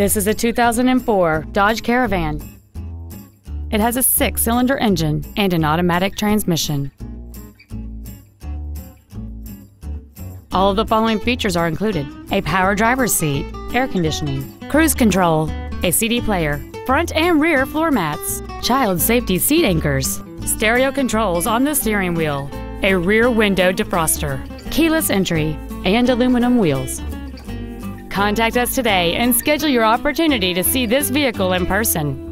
This is a 2004 Dodge Caravan. It has a six-cylinder engine and an automatic transmission. All of the following features are included. A power driver's seat, air conditioning, cruise control, a CD player, front and rear floor mats, child safety seat anchors, stereo controls on the steering wheel, a rear window defroster, keyless entry, and aluminum wheels. Contact us today and schedule your opportunity to see this vehicle in person.